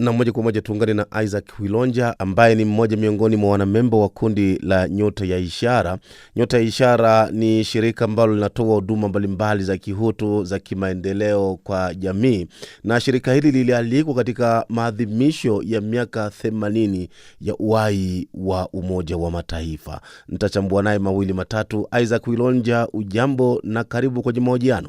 na moja kwa moja tuungane na Isaac Wilonja ambaye ni mmoja miongoni mwa wanamemba wa kundi la Nyota ya Ishara. Nyota ya Ishara ni shirika ambalo linatoa huduma mbalimbali za kihutu za kimaendeleo kwa jamii, na shirika hili lilialikwa katika maadhimisho ya miaka 80 ya uhai wa Umoja wa Mataifa. Nitachambua naye mawili matatu. Isaac Wilonja, ujambo na karibu kwenye mahojiano.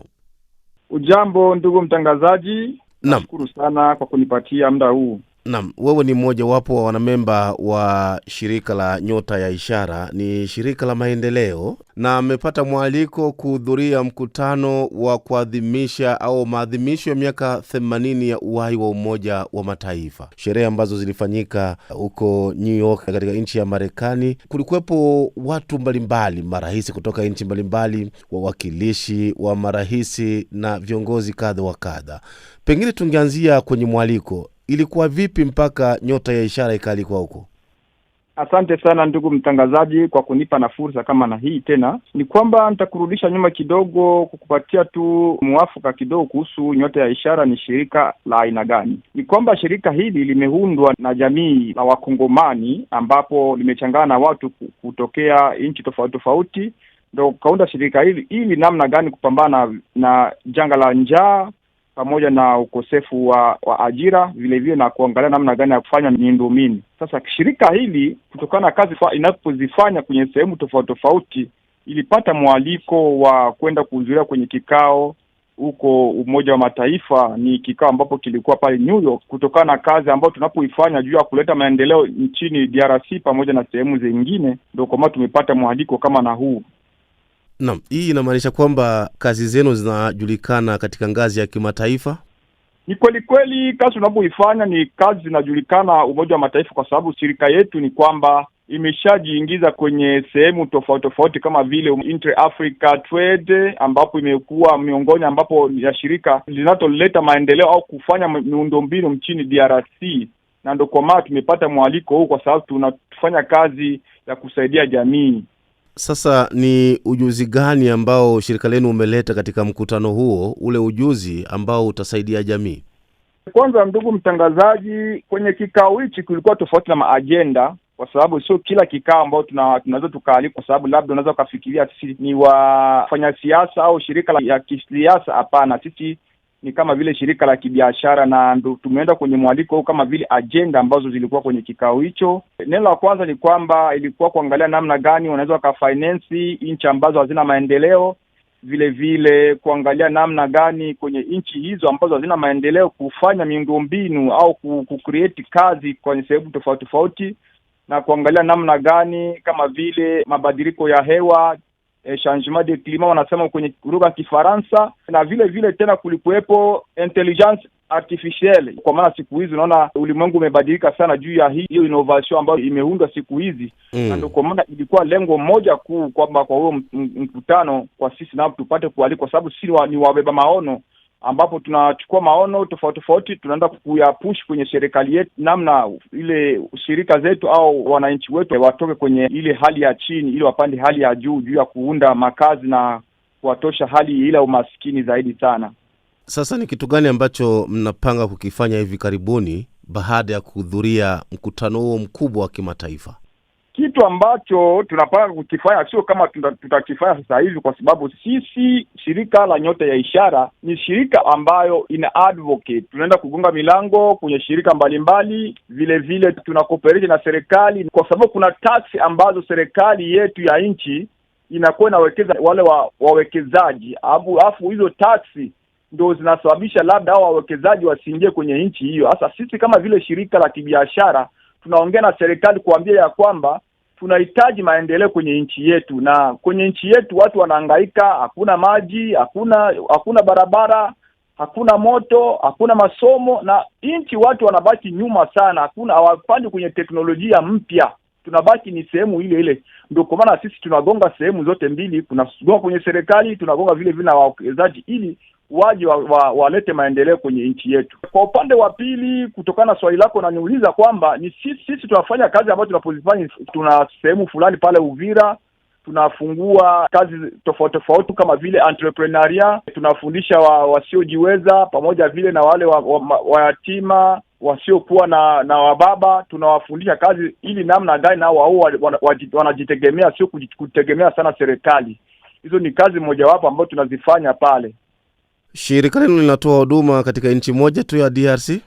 Ujambo ndugu mtangazaji. Nashukuru sana kwa kunipatia muda huu. Naam, wewe ni mmojawapo wa wanamemba wa shirika la Nyota ya Ishara, ni shirika la maendeleo na amepata mwaliko kuhudhuria mkutano wa kuadhimisha au maadhimisho ya miaka 80 ya uhai wa Umoja wa Mataifa, sherehe ambazo zilifanyika huko New York katika nchi ya Marekani. Kulikuwepo watu mbalimbali, marahisi kutoka nchi mbalimbali, wawakilishi wa marahisi na viongozi kadha wa kadha. Pengine tungeanzia kwenye mwaliko ilikuwa vipi mpaka nyota ya ishara ikaalikwa huko? Asante sana ndugu mtangazaji kwa kunipa na fursa kama na hii tena. Ni kwamba nitakurudisha nyuma kidogo kukupatia tu mwafaka kidogo kuhusu nyota ya ishara ni shirika la aina gani. Ni kwamba shirika hili limeundwa na jamii la Wakongomani, ambapo limechangana na watu kutokea nchi tofauti tofauti, ndo ukaunda shirika hili ili namna gani kupambana na janga la njaa pamoja na ukosefu wa, wa ajira vilevile na kuangalia namna gani ya kufanya miundombinu. Sasa shirika hili kutokana na kazi inapozifanya kwenye sehemu tofauti tofauti, ilipata mwaliko wa kwenda kuhudhuria kwenye kikao huko Umoja wa Mataifa. Ni kikao ambapo kilikuwa pale New York, kutokana na kazi ambayo tunapoifanya juu ya kuleta maendeleo nchini DRC pamoja na sehemu zingine, ndo kwa maana tumepata mwaliko kama na huu. Naam, hii inamaanisha kwamba kazi zenu zinajulikana katika ngazi ya kimataifa. Ni kweli kweli, kazi tunapoifanya ni kazi zinajulikana Umoja wa Mataifa, kwa sababu shirika yetu ni kwamba imeshajiingiza kwenye sehemu tofauti tofauti kama vile Inter Africa Trade, ambapo imekuwa miongoni ambapo ya shirika zinazoleta maendeleo au kufanya miundombinu nchini DRC, na ndio kwa maana tumepata mwaliko huu, kwa sababu tunafanya kazi ya kusaidia jamii. Sasa ni ujuzi gani ambao shirika lenu umeleta katika mkutano huo, ule ujuzi ambao utasaidia jamii? Kwanza ndugu mtangazaji, kwenye kikao hichi kulikuwa tofauti na maajenda, kwa sababu sio kila kikao ambao tunaweza tukaalika kwa sababu labda unaweza ukafikiria sisi ni wafanya siasa au shirika la ya kisiasa. Hapana, sisi ni kama vile shirika la kibiashara, na ndo tumeenda kwenye mwaliko huu kama vile ajenda ambazo zilikuwa kwenye kikao hicho. Neno la kwanza ni kwamba ilikuwa kuangalia namna gani wanaweza wakafinansi nchi ambazo hazina maendeleo, vile vile kuangalia namna gani kwenye nchi hizo ambazo hazina maendeleo kufanya miundombinu au kucreate kazi kwenye sehemu tofauti tofauti na kuangalia namna gani kama vile mabadiliko ya hewa e, changement de climat wanasema kwenye lugha ya Kifaransa, na vile vile tena kulikuwepo intelligence artificielle, kwa maana siku hizi unaona ulimwengu umebadilika sana juu ya hiyo innovation ambayo imeundwa siku hizi mm. Na ndio kwa maana ilikuwa lengo moja kuu kwamba kwa huo mkutano kwa sisi nao tupate kualikwa, kwa sababu sisi ni wabeba maono ambapo tunachukua maono tofauti tofauti, tunaenda kuyapush kwenye serikali yetu, namna ile shirika zetu au wananchi wetu watoke kwenye ile hali ya chini, ili wapande hali ya juu, juu ya kuunda makazi na kuwatosha hali ile umaskini zaidi sana. Sasa ni kitu gani ambacho mnapanga kukifanya hivi karibuni baada ya kuhudhuria mkutano huo mkubwa wa kimataifa? kitu ambacho tunapanga kukifanya sio kama tutakifanya tuta sasa hivi, kwa sababu sisi shirika la Nyota ya Ishara ni shirika ambayo ina advocate, tunaenda kugonga milango kwenye shirika mbalimbali, vile vile na serikali, kwa sababu kuna taksi ambazo serikali yetu ya nchi inakuwa inawekeza wale wa, wawekezaji afu, hizo taksi ndo zinasababisha labda hao wawekezaji wasiingie kwenye nchi hiyo. hasa sisi kama vile shirika la kibiashara tunaongea na serikali kuambia ya kwamba tunahitaji maendeleo kwenye nchi yetu, na kwenye nchi yetu watu wanahangaika, hakuna maji, hakuna hakuna barabara, hakuna moto, hakuna masomo, na nchi watu wanabaki nyuma sana, hakuna hawapandi kwenye teknolojia mpya tunabaki ni sehemu ile ile. Ndio kwa maana sisi tunagonga sehemu zote mbili, tunagonga kwenye serikali, tunagonga vile vile na wawekezaji, ili waje walete wa, wa maendeleo kwenye nchi yetu. Kwa upande wa pili, kutokana na swali lako naniuliza kwamba ni sisi, sisi tunafanya kazi ambayo tunapozifanya, tuna sehemu fulani pale Uvira tunafungua kazi tofauti tofauti kama vile entrepreneuria, tunafundisha wa, wasiojiweza pamoja vile na wale wayatima wa, wa wasiokuwa na na wababa, tunawafundisha kazi ili namna gani nao wao wanajitegemea, sio kujitegemea sana serikali. Hizo ni kazi mojawapo ambayo tunazifanya pale. Shirika lenu linatoa huduma katika nchi moja tu ya DRC?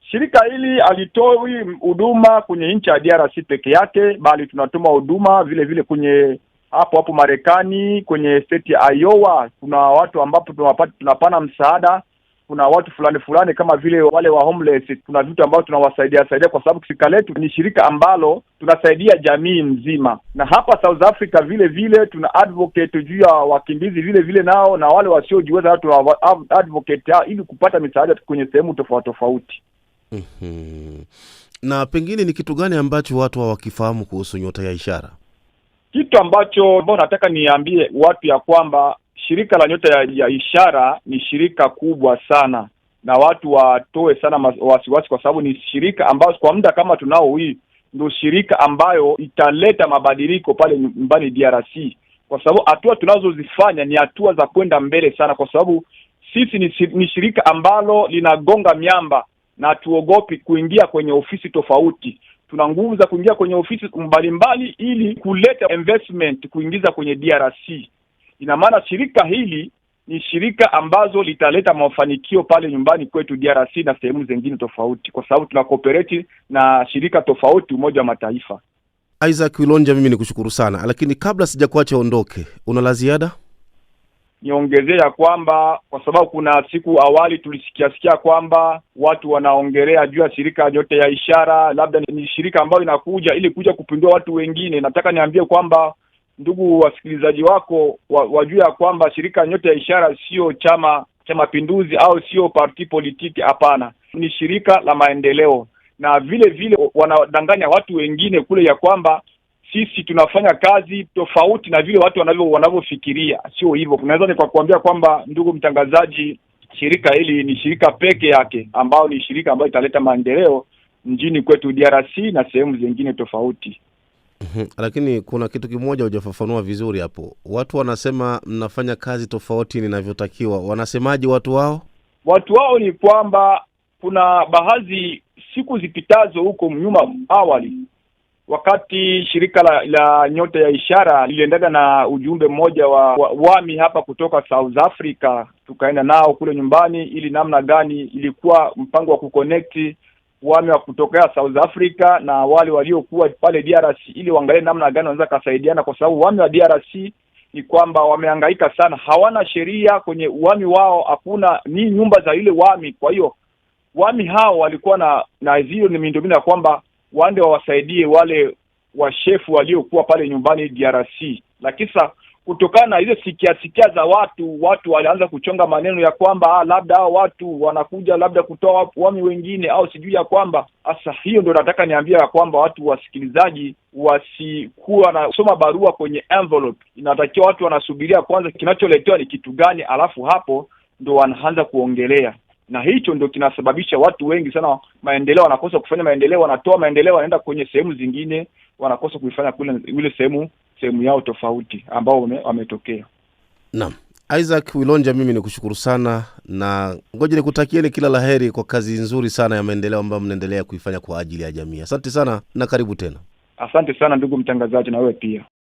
Shirika hili alitoi huduma kwenye nchi ya DRC peke yake, bali tunatuma huduma vile vile kwenye hapo hapo Marekani, kwenye state ya Iowa. Kuna watu ambapo tunapana msaada kuna watu fulani fulani kama vile wale wa homeless, kuna vitu ambavyo tunawasaidia saidia, kwa sababu shirika letu ni shirika ambalo tunasaidia jamii nzima, na hapa South Africa vile vile tuna advocate juu ya wakimbizi vile vile nao na wale wasiojiweza, tuna advocate hao ili kupata misaada kwenye sehemu tofauti tofauti. Mm-hmm. Na pengine ni kitu gani ambacho watu hawakifahamu kuhusu nyota ya ishara? Kitu ambacho ambao nataka niambie watu ya kwamba shirika la Nyota ya, ya Ishara ni shirika kubwa sana, na watu watoe sana wasiwasi, kwa sababu ni shirika ambayo kwa muda kama tunao hii ndio shirika ambayo italeta mabadiliko pale nyumbani DRC, kwa sababu hatua tunazozifanya ni hatua za kwenda mbele sana, kwa sababu sisi ni shirika ambalo linagonga miamba na tuogopi kuingia kwenye ofisi tofauti. Tuna nguvu za kuingia kwenye ofisi mbalimbali ili kuleta investment kuingiza kwenye DRC. Ina maana shirika hili ni shirika ambazo litaleta mafanikio pale nyumbani kwetu DRC na sehemu zingine tofauti, kwa sababu tuna cooperate na shirika tofauti, Umoja wa Mataifa. Isaac Wilonja, mimi ni kushukuru sana, lakini kabla sijakuacha ondoke, una la ziada? Niongezee ya kwamba kwa sababu kuna siku awali tulisikia sikia kwamba watu wanaongelea juu ya shirika yote ya ishara, labda ni shirika ambayo inakuja ili kuja kupindua watu wengine. Nataka niambie kwamba ndugu wasikilizaji wako wa, wajue ya kwamba shirika Nyota ya Ishara sio chama cha mapinduzi au sio parti politiki, hapana, ni shirika la maendeleo, na vile vile wanadanganya watu wengine kule ya kwamba sisi tunafanya kazi tofauti na vile watu wanavyofikiria. Sio hivyo, unaweza ni kwa kuambia kwamba, ndugu mtangazaji, shirika hili ni shirika peke yake ambao ni shirika ambayo italeta maendeleo mjini kwetu DRC na sehemu zingine tofauti. Mhm. Lakini kuna kitu kimoja hujafafanua vizuri hapo. Watu wanasema mnafanya kazi tofauti ninavyotakiwa, wanasemaje watu wao? Watu wao ni kwamba kuna baadhi siku zipitazo huko nyuma awali, wakati shirika la, la nyota ya ishara liliendaga na ujumbe mmoja wa, wa wami hapa kutoka South Africa, tukaenda nao kule nyumbani, ili namna gani ilikuwa mpango wa kuconnect wame wa kutokea South Africa na wale waliokuwa pale DRC ili waangalie namna gani wanaweza kasaidiana, kwa sababu wami wa DRC ni kwamba wamehangaika sana, hawana sheria kwenye uwami wao, hakuna ni nyumba za ile wami. Kwa hiyo wami hao walikuwa na na hiyo ni miundombinu ya kwamba waende wawasaidie wale washefu waliokuwa pale nyumbani DRC, lakini sasa kutokana na hizo sikia sikia za watu, watu walianza kuchonga maneno ya kwamba ah, labda hao watu wanakuja labda kutoa wami wengine au sijui ya kwamba sasa. Hiyo ndo nataka niambia ya kwamba watu wasikilizaji wasikuwa wanasoma barua kwenye envelope. Inatakiwa watu wanasubiria kwanza kinacholetewa ni kitu gani, alafu hapo ndo wanaanza kuongelea na hicho ndo kinasababisha watu wengi sana maendeleo, wanakosa kufanya maendeleo, wanatoa maendeleo, wanaenda kwenye sehemu zingine, wanakosa kuifanya kule ile sehemu sehemu yao tofauti ambao wametokea. Naam, Isaac Wilonja, mimi ni kushukuru sana na ngoja nikutakieni kila la heri kwa kazi nzuri sana ya maendeleo ambayo mnaendelea kuifanya kwa ajili ya jamii. Asante sana na karibu tena. Asante sana ndugu mtangazaji, na wewe pia.